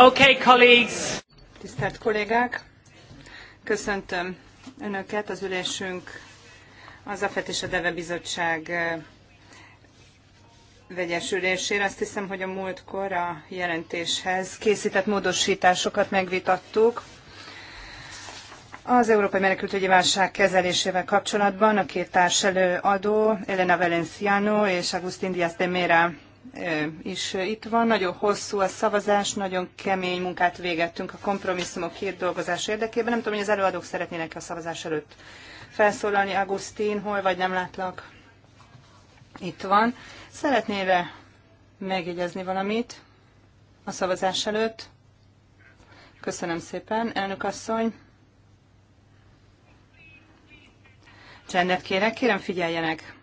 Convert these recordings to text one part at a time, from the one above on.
Okay, colleagues. Tisztelt kollégák, köszöntöm Önöket az ülésünk az AFET és a DEVE Bizottság eh, vegyes ülésére. Azt hiszem, hogy a múltkor a jelentéshez készített módosításokat megvitattuk. Az Európai Menekültügyi Válság kezelésével kapcsolatban a két társelő adó, Elena Valenciano és Agustin Diaz de Mera is itt van. Nagyon hosszú a szavazás, nagyon kemény munkát végettünk a kompromisszumok két dolgozás érdekében. Nem tudom, hogy az előadók szeretnének a szavazás előtt felszólalni. Agustin, hol vagy, nem látlak? Itt van. Szeretnél megjegyezni valamit a szavazás előtt? Köszönöm szépen, elnök asszony. Csendet kérek, kérem figyeljenek.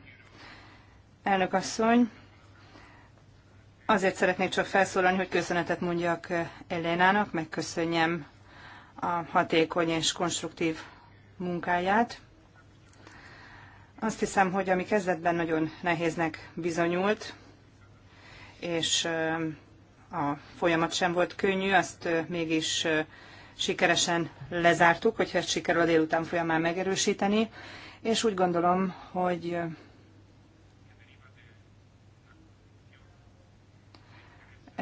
Elnök asszony, Azért szeretnék csak felszólalni, hogy köszönetet mondjak Elénának, megköszönjem a hatékony és konstruktív munkáját. Azt hiszem, hogy ami kezdetben nagyon nehéznek bizonyult, és a folyamat sem volt könnyű, azt mégis sikeresen lezártuk, hogyha ezt sikerül a délután folyamán megerősíteni, és úgy gondolom, hogy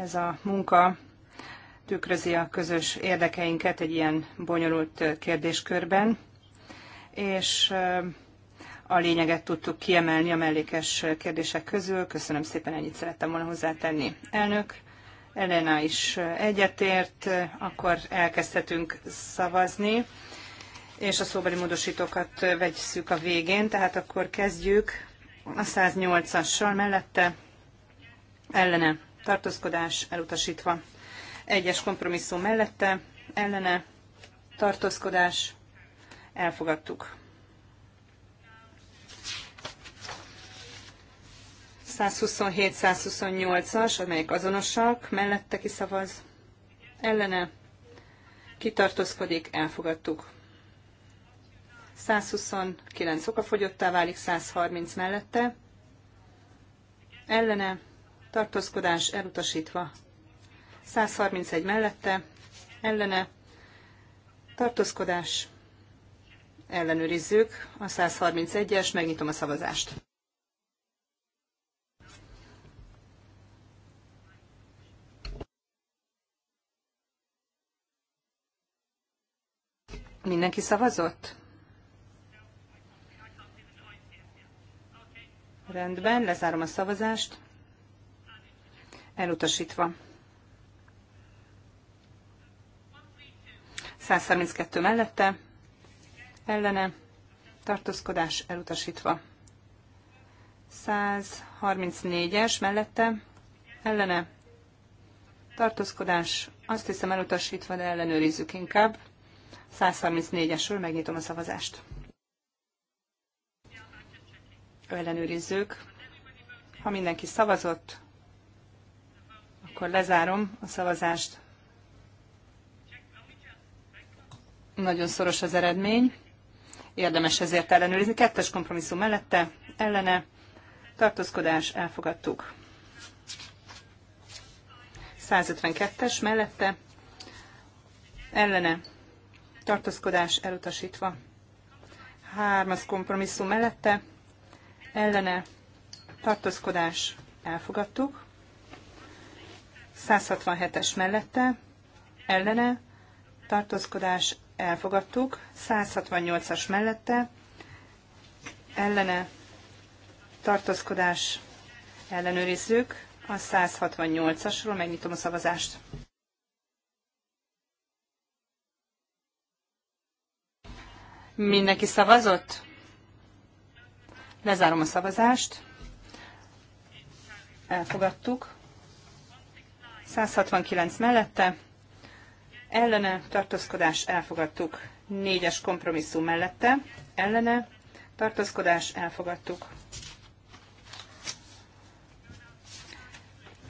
ez a munka tükrözi a közös érdekeinket egy ilyen bonyolult kérdéskörben, és a lényeget tudtuk kiemelni a mellékes kérdések közül. Köszönöm szépen, ennyit szerettem volna hozzátenni. Elnök, Elena is egyetért, akkor elkezdhetünk szavazni, és a szóbeli módosítókat vegyszük a végén, tehát akkor kezdjük a 108-assal mellette, ellene tartózkodás elutasítva. Egyes kompromisszum mellette, ellene, tartózkodás, elfogadtuk. 127-128-as, amelyek azonosak, mellette kiszavaz, ellene, kitartózkodik, elfogadtuk. 129 okafogyottá válik, 130 mellette, ellene, tartózkodás elutasítva. 131 mellette, ellene, tartózkodás, ellenőrizzük a 131-es, megnyitom a szavazást. Mindenki szavazott? Rendben, lezárom a szavazást elutasítva. 132 mellette, ellene, tartózkodás elutasítva. 134-es mellette, ellene, tartózkodás, azt hiszem elutasítva, de ellenőrizzük inkább. 134-esről megnyitom a szavazást. Ellenőrizzük. Ha mindenki szavazott, akkor lezárom a szavazást. Nagyon szoros az eredmény. Érdemes ezért ellenőrizni. Kettes kompromisszum mellette, ellene, tartózkodás, elfogadtuk. 152-es mellette, ellene, tartózkodás elutasítva. Hármas kompromisszum mellette, ellene, tartózkodás elfogadtuk. 167-es mellette, ellene, tartózkodás elfogadtuk, 168-as mellette, ellene, tartózkodás ellenőrizzük, a 168-asról megnyitom a szavazást. Mindenki szavazott? Lezárom a szavazást. Elfogadtuk. 169 mellette, ellene tartózkodás elfogadtuk. 4-es kompromisszum mellette, ellene tartózkodás elfogadtuk.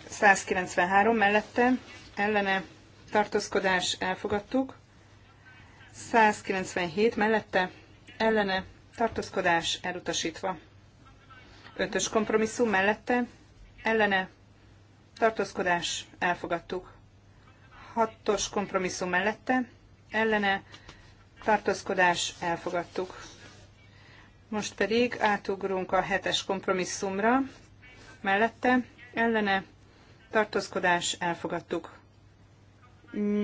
193 mellette, ellene tartózkodás elfogadtuk. 197 mellette, ellene tartózkodás elutasítva. 5-ös kompromisszum mellette, ellene tartózkodás, elfogadtuk. Hatos kompromisszum mellette, ellene, tartózkodás, elfogadtuk. Most pedig átugrunk a hetes kompromisszumra, mellette, ellene, tartózkodás, elfogadtuk.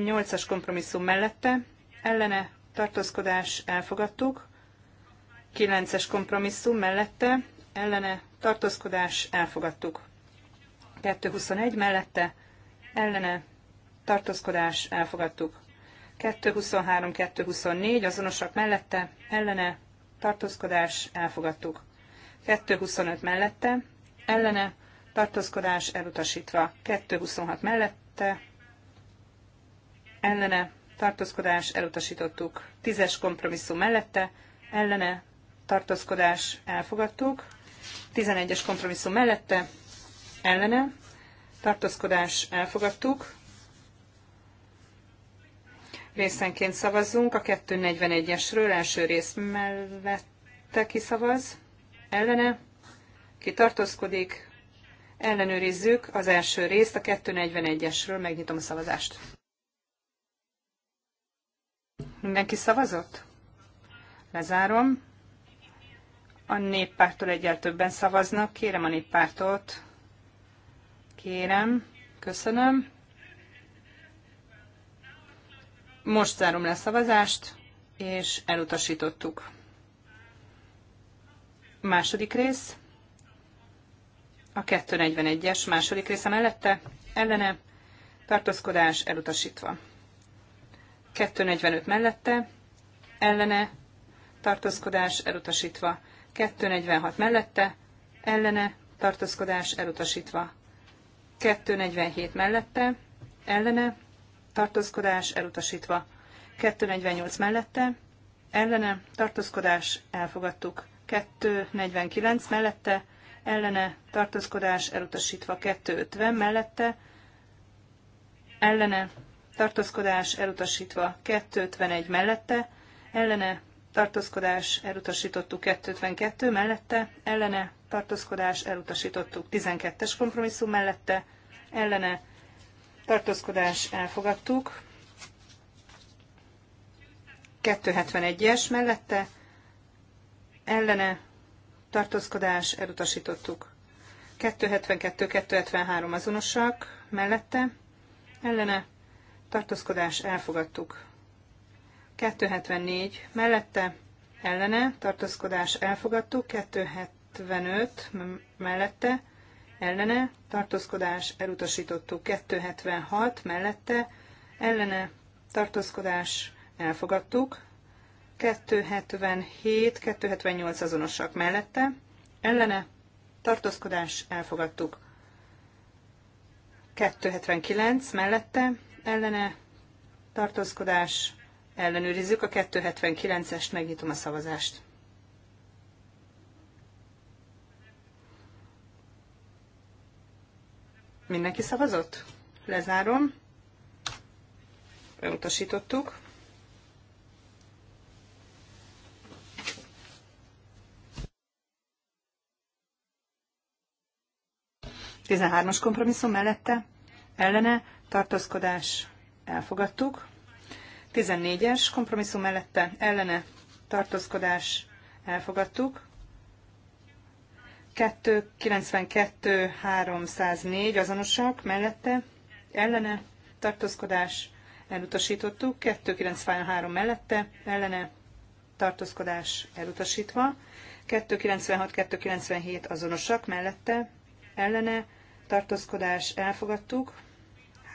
Nyolcas kompromisszum mellette, ellene, tartózkodás, elfogadtuk. Kilences kompromisszum mellette, ellene, tartózkodás, elfogadtuk. 221 mellette ellene tartózkodás elfogadtuk. 223, 224 azonosak mellette ellene tartózkodás elfogadtuk. 225 mellette ellene tartózkodás elutasítva. 226 mellette ellene tartózkodás elutasítottuk. 10-es kompromisszum mellette ellene tartózkodás elfogadtuk. 11-es kompromisszum mellette ellene, tartózkodás elfogadtuk. Részenként szavazzunk a 241-esről, első rész mellette kiszavaz, ellene, ki tartózkodik. ellenőrizzük az első részt a 241-esről, megnyitom a szavazást. Mindenki szavazott? Lezárom. A néppártól egyel többen szavaznak, kérem a néppártot, Kérem, köszönöm. Most zárom le a szavazást, és elutasítottuk. Második rész. A 241-es második része mellette, ellene, tartózkodás elutasítva. 245 mellette, ellene, tartózkodás elutasítva. 246 mellette, ellene, tartózkodás elutasítva. 247 mellette, ellene, tartózkodás elutasítva. 248 mellette, ellene, tartózkodás elfogadtuk. 249 mellette, ellene, tartózkodás elutasítva. 250 mellette, ellene, tartózkodás elutasítva. 251 mellette, ellene, tartózkodás, elutasítottuk 252 mellette, ellene, tartózkodás, elutasítottuk 12-es kompromisszum mellette, ellene, tartózkodás, elfogadtuk 271-es mellette, ellene, tartózkodás, elutasítottuk 272-273 azonosak mellette, ellene, tartózkodás, elfogadtuk 274 mellette ellene tartózkodás elfogadtuk, 275 mellette ellene tartózkodás elutasítottuk, 276 mellette ellene tartózkodás elfogadtuk, 277, 278 azonosak mellette, ellene tartózkodás elfogadtuk, 279 mellette, ellene tartózkodás ellenőrizzük a 279-est, megnyitom a szavazást. Mindenki szavazott? Lezárom. Elutasítottuk. Tizenhármas kompromisszum mellette, ellene, tartózkodás, elfogadtuk. 14-es kompromisszum mellette ellene tartózkodás elfogadtuk. 292 304 azonosak mellette ellene tartózkodás elutasítottuk, 293 mellette ellene tartózkodás elutasítva, 296-297 azonosak mellette ellene tartózkodás elfogadtuk,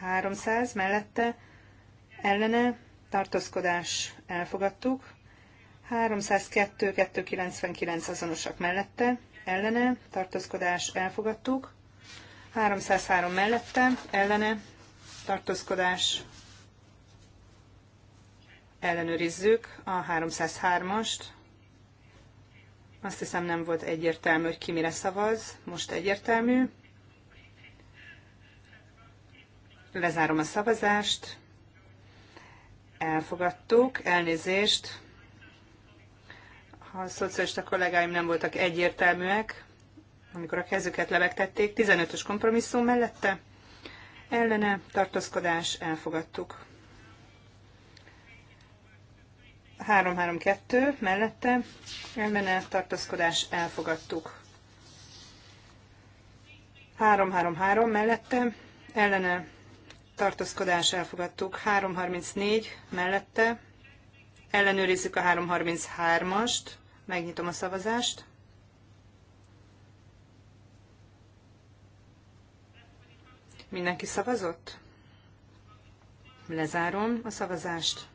300 mellette ellene tartózkodás elfogadtuk, 302-299 azonosak mellette, ellene, tartózkodás elfogadtuk, 303 mellette, ellene, tartózkodás ellenőrizzük a 303-ast. Azt hiszem nem volt egyértelmű, hogy ki mire szavaz, most egyértelmű. Lezárom a szavazást elfogadtuk, elnézést. A szocialista kollégáim nem voltak egyértelműek, amikor a kezüket levegtették. 15-ös kompromisszum mellette ellene tartózkodás elfogadtuk. 3-3-2 mellette ellene tartózkodás elfogadtuk. 3-3-3 mellette ellene tartózkodás elfogadtuk. 334 mellette ellenőrizzük a 333-ast, megnyitom a szavazást. Mindenki szavazott? Lezárom a szavazást.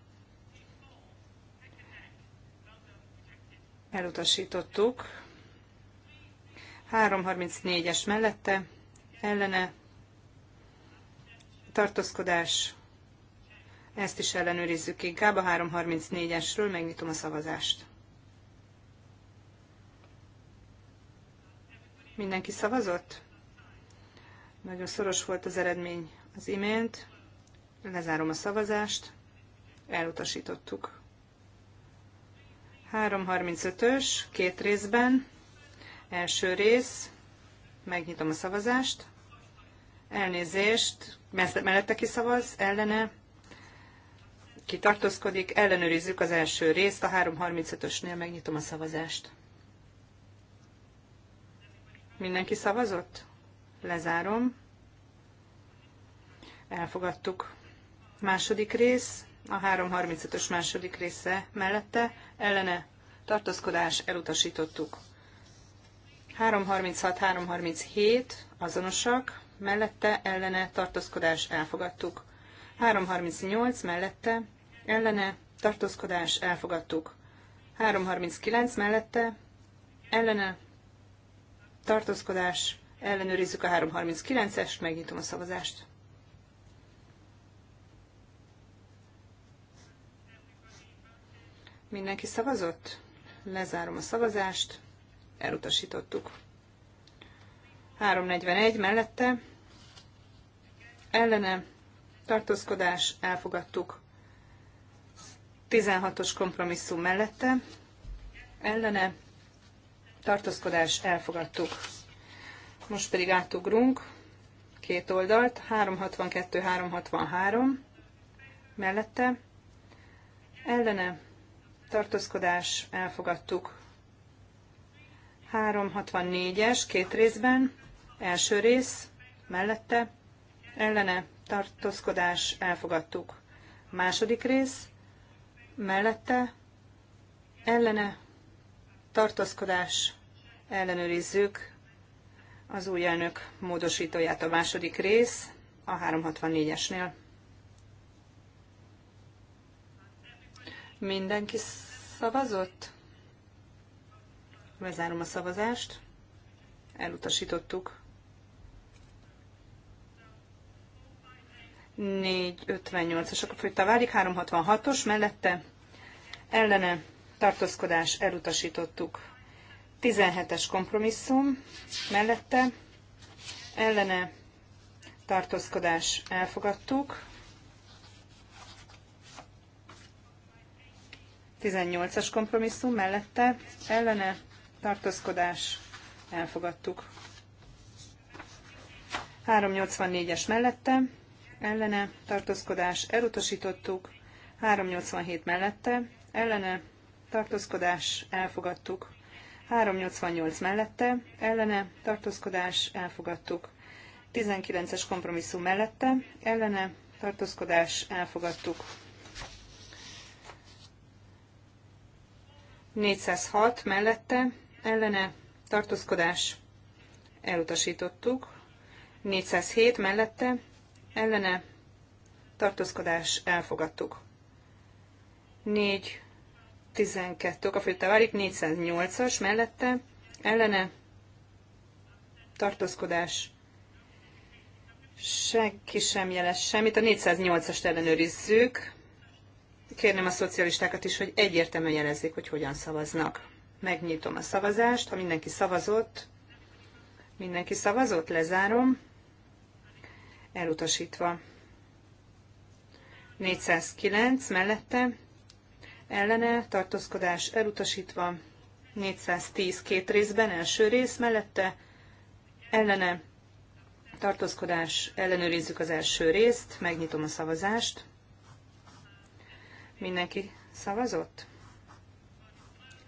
Elutasítottuk. 334-es mellette, ellene tartózkodás, ezt is ellenőrizzük inkább a 334-esről, megnyitom a szavazást. Mindenki szavazott? Nagyon szoros volt az eredmény az imént. Lezárom a szavazást. Elutasítottuk. 335-ös, két részben. Első rész. Megnyitom a szavazást. Elnézést, mellette kiszavaz, ellene kitartózkodik, ellenőrizzük az első részt, a 335-ösnél megnyitom a szavazást. Mindenki szavazott? Lezárom. Elfogadtuk. Második rész, a 335-ös második része mellette, ellene tartózkodás elutasítottuk. 336-337 azonosak, mellette, ellene, tartózkodás, elfogadtuk. 338 mellette, ellene, tartózkodás, elfogadtuk. 339 mellette, ellene, tartózkodás, ellenőrizzük a 339-est, megnyitom a szavazást. Mindenki szavazott? Lezárom a szavazást, elutasítottuk. 341 mellette, ellene, tartózkodás, elfogadtuk. 16-os kompromisszum mellette, ellene, tartózkodás, elfogadtuk. Most pedig átugrunk két oldalt, 362-363 mellette, ellene, tartózkodás, elfogadtuk. 364-es két részben, Első rész mellette, ellene tartózkodás elfogadtuk. Második rész mellette, ellene tartózkodás ellenőrizzük az új elnök módosítóját a második rész a 364-esnél. Mindenki szavazott? Lezárom a szavazást. Elutasítottuk. 458-as folyta válik, 366-os mellette ellene tartózkodás elutasítottuk. 17-es kompromisszum mellette ellene tartózkodás elfogadtuk. 18-as kompromisszum mellette ellene tartózkodás elfogadtuk. 384-es mellette ellene tartózkodás elutasítottuk, 387 mellette ellene tartózkodás elfogadtuk, 388 mellette ellene tartózkodás elfogadtuk, 19-es kompromisszum mellette ellene tartózkodás elfogadtuk. 406 mellette ellene tartózkodás elutasítottuk, 407 mellette ellene tartózkodás elfogadtuk. 4 12 a válik, 408-as mellette ellene tartózkodás senki sem jeles semmit. A 408-ast ellenőrizzük. Kérném a szocialistákat is, hogy egyértelműen jelezzék, hogy hogyan szavaznak. Megnyitom a szavazást. Ha mindenki szavazott, mindenki szavazott, lezárom elutasítva. 409 mellette ellene tartózkodás elutasítva. 410 két részben első rész mellette ellene tartózkodás ellenőrizzük az első részt, megnyitom a szavazást. Mindenki szavazott?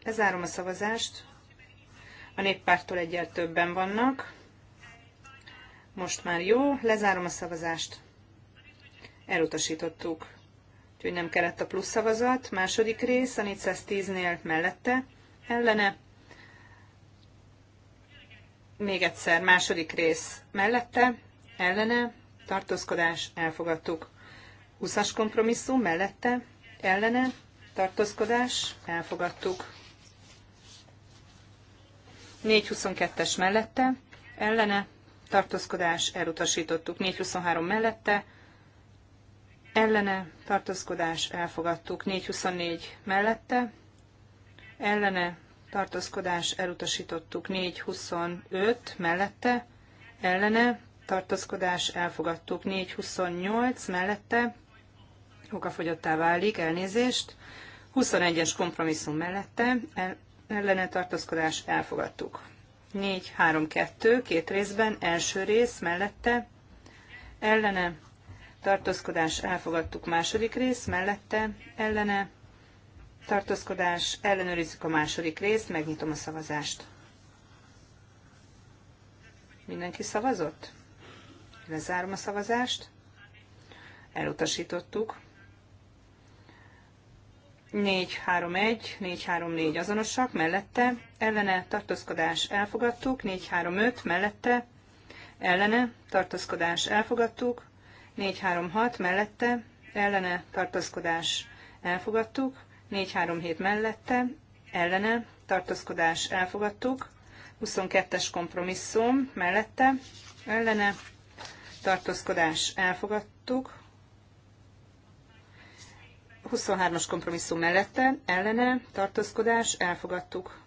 Lezárom a szavazást. A néppártól egyel többen vannak. Most már jó, lezárom a szavazást. Elutasítottuk. Úgyhogy nem kellett a plusz szavazat. Második rész a 410-nél mellette, ellene. Még egyszer, második rész mellette, ellene, tartózkodás, elfogadtuk. 20-as kompromisszum mellette, ellene, tartózkodás, elfogadtuk. 422-es mellette, ellene, tartózkodás, elutasítottuk. 423 mellette, ellene, tartózkodás, elfogadtuk. 424 mellette, ellene, tartózkodás, elutasítottuk. 425 mellette, ellene, tartózkodás, elfogadtuk. 428 mellette, okafogyottá válik, elnézést. 21-es kompromisszum mellette, ellene tartózkodás, elfogadtuk. 4-3-2, két részben, első rész mellette, ellene, tartózkodás elfogadtuk második rész, mellette, ellene, tartózkodás, ellenőrizzük a második részt, megnyitom a szavazást. Mindenki szavazott? Lezárom a szavazást. Elutasítottuk. 431, 434 azonosak, mellette, ellene tartózkodás elfogadtuk, 435 mellette, ellene tartózkodás elfogadtuk, 436 mellette, ellene tartózkodás elfogadtuk, 437 mellette, ellene tartózkodás elfogadtuk, 22-es kompromisszum mellette, ellene tartózkodás elfogadtuk, 23-as kompromisszum mellette, ellene, tartózkodás, elfogadtuk.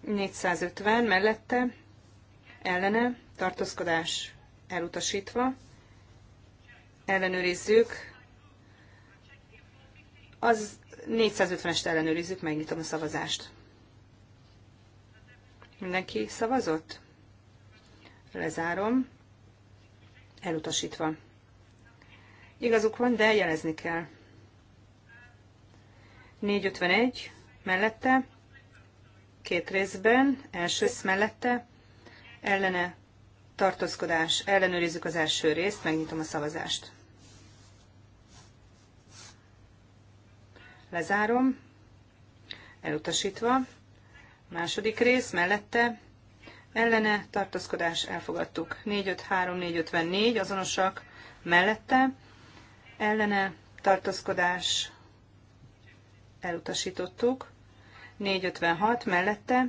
450 mellette, ellene, tartózkodás, elutasítva. Ellenőrizzük. Az 450-est ellenőrizzük, megnyitom a szavazást. Mindenki szavazott? Lezárom. Elutasítva. Igazuk van, de jelezni kell. 451 mellette, két részben, első rész mellette, ellene tartózkodás, ellenőrizzük az első részt, megnyitom a szavazást. Lezárom, elutasítva. Második rész mellette, ellene tartózkodás, elfogadtuk. 453, 454 azonosak mellette, ellene tartózkodás, elutasítottuk. 456 mellette,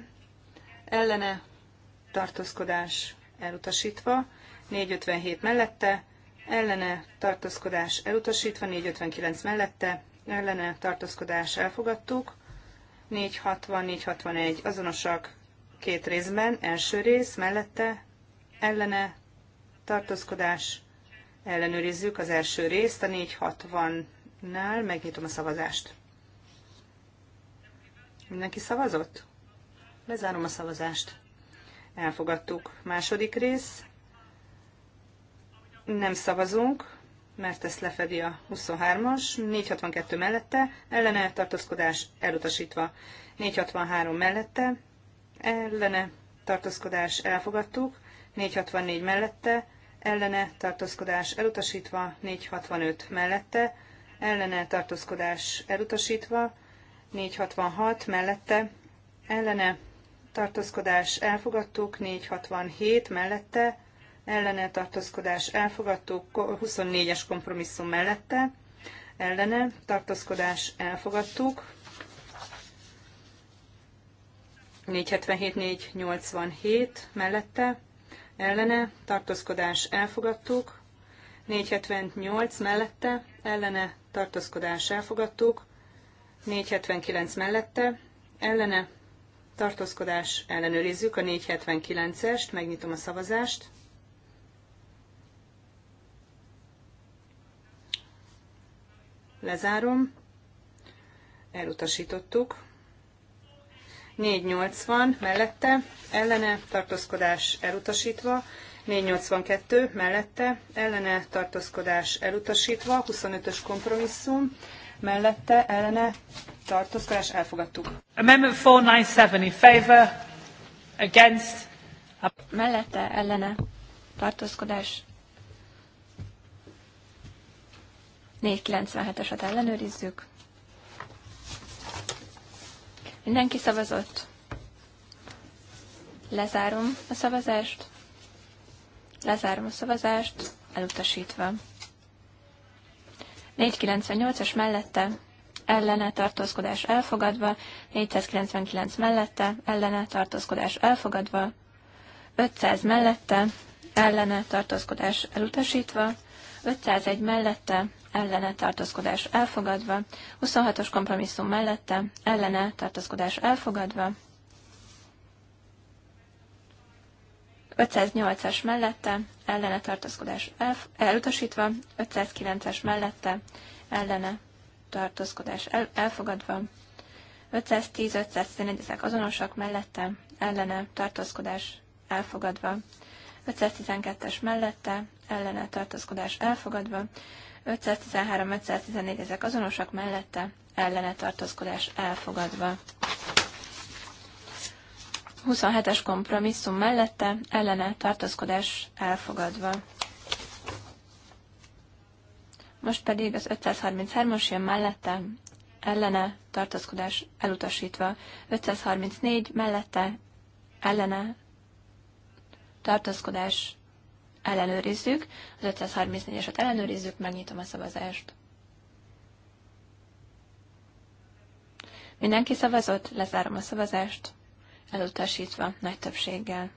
ellene tartózkodás elutasítva, 457 mellette, ellene tartózkodás elutasítva, 459 mellette, ellene tartózkodás elfogadtuk, 460-461 azonosak két részben, első rész mellette, ellene tartózkodás, ellenőrizzük az első részt, a 460-nál megnyitom a szavazást. Mindenki szavazott? Lezárom a szavazást. Elfogadtuk. Második rész. Nem szavazunk, mert ezt lefedi a 23-as. 462 mellette, ellene tartózkodás elutasítva. 463 mellette, ellene tartózkodás elfogadtuk. 464 mellette, ellene tartózkodás elutasítva. 465 mellette, ellene tartózkodás elutasítva. 466 mellette ellene tartózkodás elfogadtuk, 467 mellette ellene tartózkodás elfogadtuk, 24-es kompromisszum mellette ellene tartózkodás elfogadtuk, 477-487 mellette ellene tartózkodás elfogadtuk, 478 mellette ellene tartózkodás elfogadtuk, 479 mellette, ellene, tartózkodás, ellenőrizzük a 479-est, megnyitom a szavazást. Lezárom. Elutasítottuk. 480 mellette, ellene, tartózkodás elutasítva. 482 mellette ellene tartózkodás elutasítva, 25-ös kompromisszum mellette ellene tartózkodás elfogadtuk. Amendment 497 in favor, against. Mellette ellene tartózkodás 497-eset ellenőrizzük. Mindenki szavazott. Lezárom a szavazást. Lezárom a szavazást, elutasítva. 498-as mellette, ellene tartózkodás elfogadva, 499 mellette, ellene tartózkodás elfogadva, 500 mellette, ellene tartózkodás elutasítva, 501 mellette, ellene tartózkodás elfogadva, 26-os kompromisszum mellette, ellene tartózkodás elfogadva, 508-as mellette, ellene tartózkodás elutasítva, 509-es mellette, ellene tartózkodás elfogadva, 510-511 ezek azonosak mellette, ellene tartózkodás elfogadva, 512-es mellette, ellene tartózkodás elfogadva, 513-514 ezek azonosak mellette, ellene tartózkodás elfogadva. 27-es kompromisszum mellette ellene tartózkodás elfogadva. Most pedig az 533-as jön mellette, ellene tartózkodás elutasítva. 534 mellette, ellene tartózkodás ellenőrizzük. Az 534-eset ellenőrizzük, megnyitom a szavazást. Mindenki szavazott, lezárom a szavazást elutasítva nagy többséggel.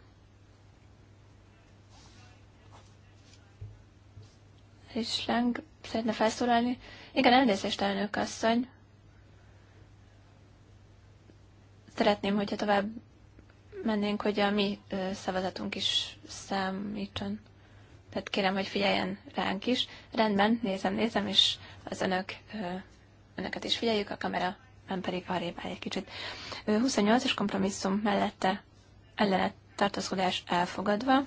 leng, szeretne felszólalni. Igen, elnézést, elnök asszony. Szeretném, hogyha tovább mennénk, hogy a mi szavazatunk is számítson. Tehát kérem, hogy figyeljen ránk is. Rendben, nézem, nézem, és az önök, önöket is figyeljük, a kamera ebben pedig arrébb áll egy kicsit. 28-as kompromisszum mellette ellene tartózkodás elfogadva.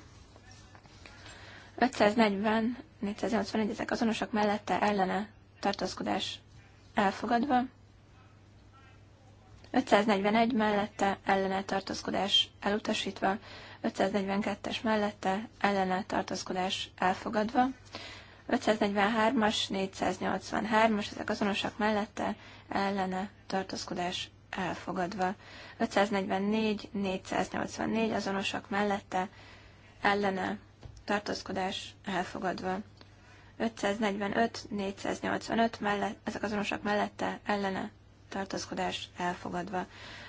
540, 481 ezek azonosak mellette ellene tartózkodás elfogadva. 541 mellette ellene tartózkodás elutasítva, 542-es mellette ellene tartózkodás elfogadva, 543-as, 483-as, ezek azonosak mellette ellene tartózkodás elfogadva. 544, 484 azonosak mellette, ellene, tartózkodás elfogadva. 545, 485 mellett, ezek azonosak mellette, ellene, tartózkodás elfogadva.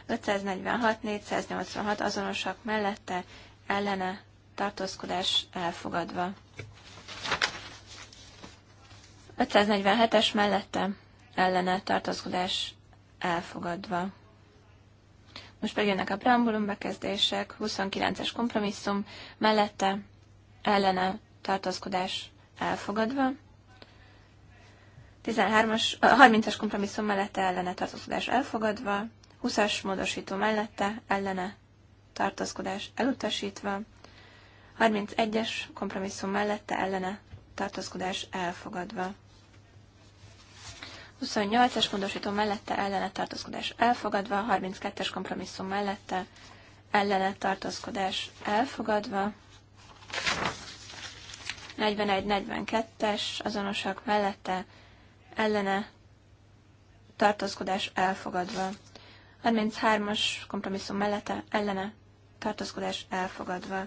546, 486 azonosak mellette, ellene, tartózkodás elfogadva. 547-es mellette, ellene, tartózkodás elfogadva. Most pedig jönnek a preambulum bekezdések, 29-es kompromisszum, mellette ellene tartózkodás elfogadva. 13-as, 30-as kompromisszum mellette ellene tartózkodás elfogadva, 20-as módosító mellette ellene tartózkodás elutasítva, 31-es kompromisszum mellette ellene tartózkodás elfogadva. 28 es módosító mellette ellene tartózkodás elfogadva, 32-es kompromisszum mellette ellene tartózkodás elfogadva, 41-42-es azonosak mellette ellene tartózkodás elfogadva, 33-as kompromisszum mellette ellene tartózkodás elfogadva,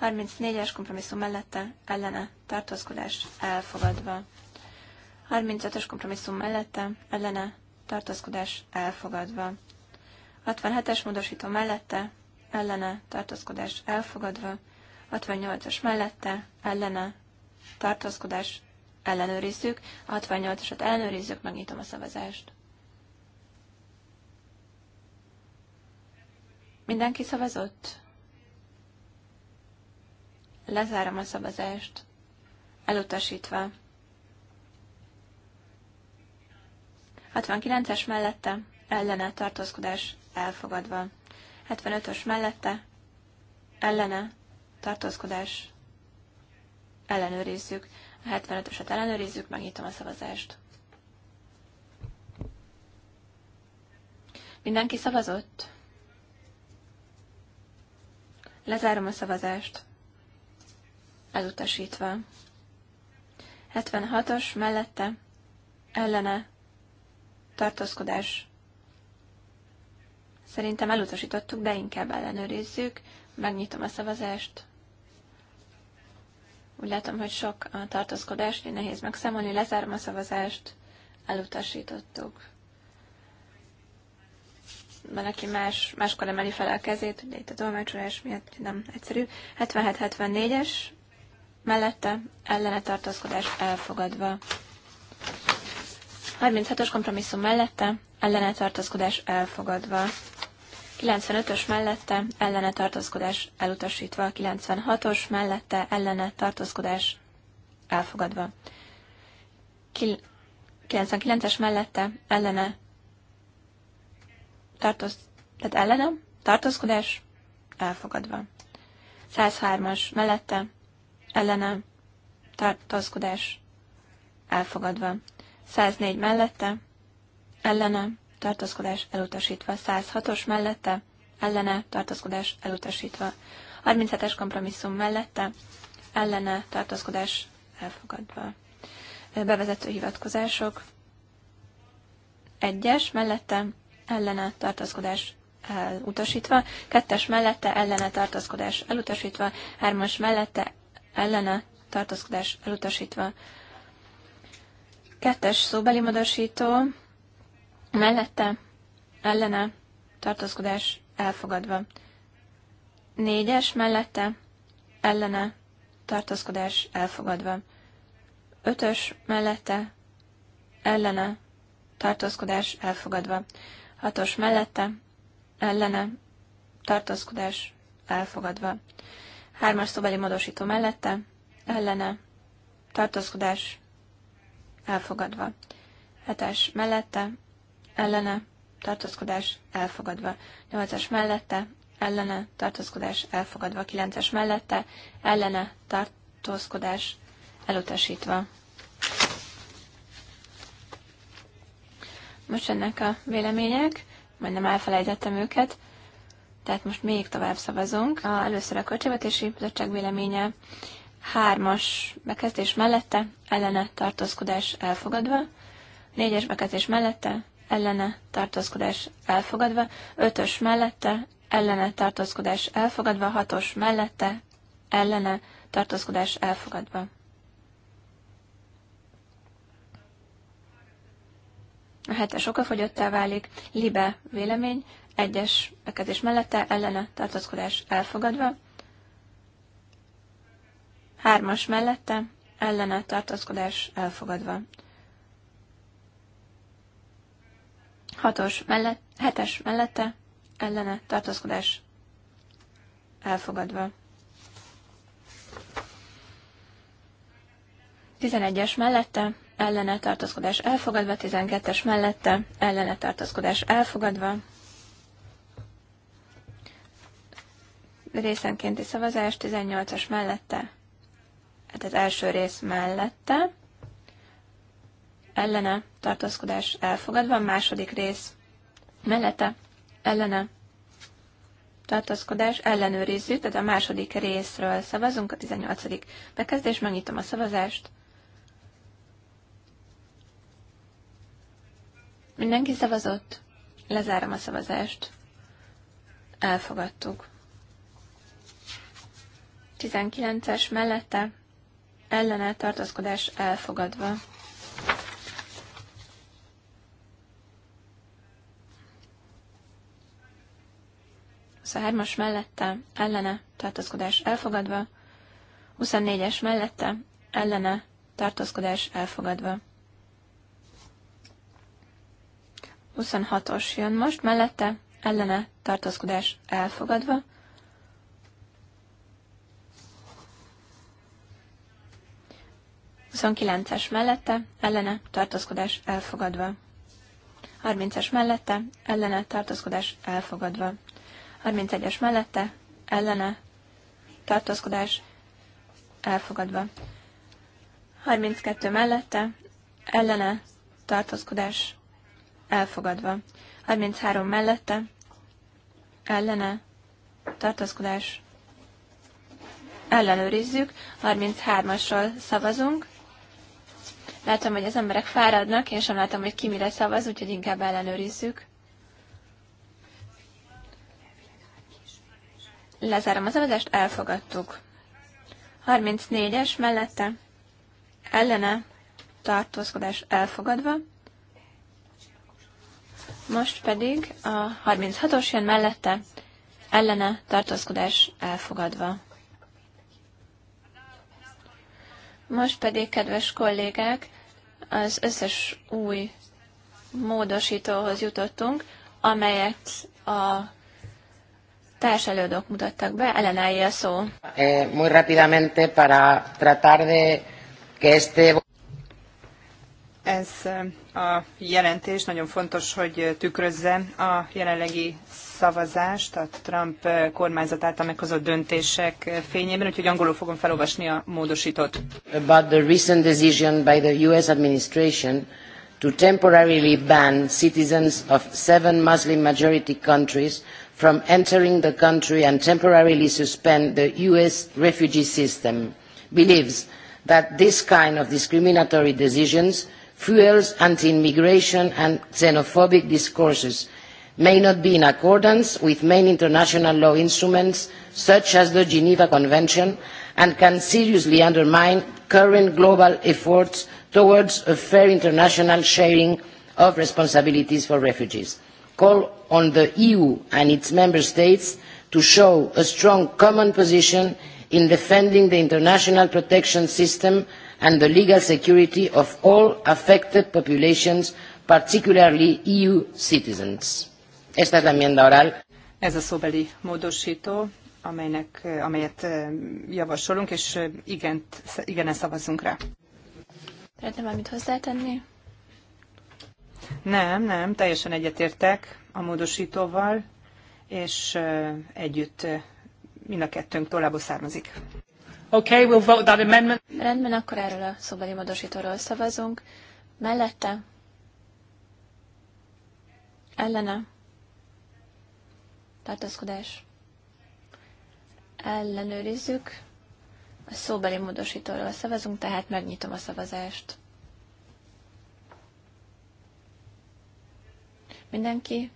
34-es kompromisszum mellette ellene tartózkodás elfogadva. 35-ös kompromisszum mellette, ellene, tartózkodás elfogadva. 67-es módosító mellette, ellene, tartózkodás elfogadva. 68-as mellette, ellene, tartózkodás ellenőrizzük. A 68-asat ellenőrizzük, megnyitom a szavazást. Mindenki szavazott? Lezárom a szavazást. Elutasítva. 69-es mellette ellene tartózkodás elfogadva. 75-ös mellette ellene tartózkodás ellenőrizzük. A 75-öset ellenőrizzük, megnyitom a szavazást. Mindenki szavazott? Lezárom a szavazást. Elutasítva. 76-os mellette ellene tartózkodás. Szerintem elutasítottuk, de inkább ellenőrizzük. Megnyitom a szavazást. Úgy látom, hogy sok a tartózkodás, hogy nehéz megszámolni. Lezárom a szavazást. Elutasítottuk. Van, aki más, máskor emeli fel a kezét, ugye itt a dolmácsolás miatt nem egyszerű. 77-74-es mellette ellene tartózkodás elfogadva. 36-os kompromisszum mellette, ellene tartózkodás elfogadva. 95-ös mellette, ellene tartózkodás elutasítva. 96-os mellette, ellene tartózkodás elfogadva. 99-es mellette, ellene tartoz, tehát ellene tartózkodás elfogadva. 103-as mellette, ellene tartózkodás elfogadva. 104 mellette, ellene, tartózkodás elutasítva. 106-os mellette, ellene, tartózkodás elutasítva. 37-es kompromisszum mellette, ellene, tartózkodás elfogadva. Bevezető hivatkozások. 1-es mellette, ellene, tartózkodás elutasítva, 2-es mellette ellene tartózkodás elutasítva, 3-as mellette ellene tartózkodás elutasítva, Kettes szóbeli modosító, mellette ellene tartózkodás elfogadva. Négyes mellette ellene tartózkodás elfogadva. Ötös mellette ellene tartózkodás elfogadva. Hatos mellette ellene tartózkodás elfogadva. Hármas szóbeli módosító mellette ellene tartózkodás elfogadva. Hetes mellette, ellene, tartózkodás elfogadva. Nyolcas mellette, ellene, tartózkodás elfogadva. Kilences mellette, ellene, tartózkodás elutasítva. Most ennek a vélemények, majdnem elfelejtettem őket, tehát most még tovább szavazunk. A, először a Költségvetési Bizottság véleménye, Hármas bekezdés mellette, ellene tartózkodás elfogadva. Négyes bekezdés mellette, ellene tartózkodás elfogadva. Ötös mellette, ellene tartózkodás elfogadva. Hatos mellette, ellene tartózkodás elfogadva. A hetes okafogyottá válik, libe vélemény, egyes bekezdés mellette, ellene tartózkodás elfogadva Hármas mellette, ellene tartózkodás elfogadva. Hatos mellett, hetes mellette, ellene tartózkodás elfogadva. tizenegyes mellette, ellene tartózkodás elfogadva, tizenkettes mellette, ellene tartózkodás elfogadva. Részenkénti szavazás, 18-as mellette, tehát az első rész mellette, ellene, tartózkodás elfogadva, a második rész mellette, ellene, tartózkodás ellenőrizzük, tehát a második részről szavazunk, a 18. bekezdés, megnyitom a szavazást. Mindenki szavazott? Lezárom a szavazást. Elfogadtuk. 19-es mellette, ellene tartózkodás elfogadva. a hármas mellette, ellene, tartózkodás elfogadva, 24-es mellette, ellene, tartózkodás elfogadva. 26-os jön most mellette, ellene, tartózkodás elfogadva, 29-es mellette, ellene, tartózkodás elfogadva. 30-es mellette, ellene, tartózkodás elfogadva. 31-es mellette, ellene, tartózkodás elfogadva. 32 mellette, ellene, tartózkodás elfogadva. 33 mellette, ellene, tartózkodás ellenőrizzük, 33 assal szavazunk, Látom, hogy az emberek fáradnak, én sem látom, hogy ki mire szavaz, úgyhogy inkább ellenőrizzük. Lezárom a szavazást, elfogadtuk. 34-es mellette ellene tartózkodás elfogadva. Most pedig a 36-os jön mellette ellene tartózkodás elfogadva. Most pedig, kedves kollégák, az összes új módosítóhoz jutottunk, amelyet a társelődők mutattak be. Ellenállja a szó. Eh, muy rápidamente para tratar de que este... Ez a jelentés nagyon fontos, hogy tükrözze a jelenlegi szavazást a Trump kormányzat által meghozott döntések fényében, úgyhogy angolul fogom felolvasni a módosítót. About the recent decision by the US administration to temporarily ban citizens of seven Muslim majority countries from entering the country and temporarily suspend the US refugee system believes that this kind of discriminatory decisions fuels anti-immigration and xenophobic discourses may not be in accordance with main international law instruments such as the Geneva Convention and can seriously undermine current global efforts towards a fair international sharing of responsibilities for refugees. Call on the EU and its member states to show a strong common position in defending the international protection system and the legal security of all affected populations, particularly EU citizens. Esta es la enmienda oral. Ez a szóbeli módosító, amelynek, amelyet javasolunk, és igen, igen szavazunk rá. Szeretném valamit hozzátenni? Nem, nem, teljesen egyetértek a módosítóval, és együtt mind a kettőnk tollából származik. Okay, we'll vote that amendment. Rendben, akkor erről a szóbeli módosítóról szavazunk. Mellette? Ellene? tartózkodás. Ellenőrizzük. A szóbeli módosítóról szavazunk, tehát megnyitom a szavazást. Mindenki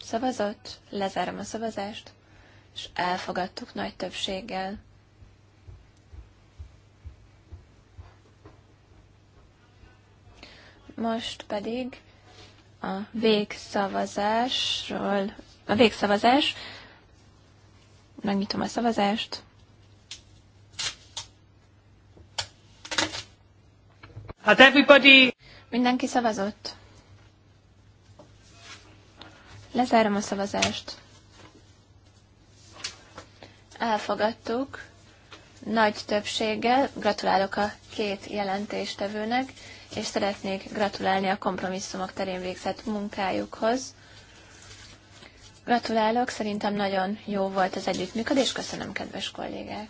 szavazott, lezárom a szavazást, és elfogadtuk nagy többséggel. Most pedig a végszavazásról a végszavazás. Megnyitom a szavazást. Hát everybody... Mindenki szavazott? Lezárom a szavazást. Elfogadtuk. Nagy többséggel gratulálok a két jelentéstevőnek, és szeretnék gratulálni a kompromisszumok terén végzett munkájukhoz. Gratulálok, szerintem nagyon jó volt az együttműködés, köszönöm kedves kollégák!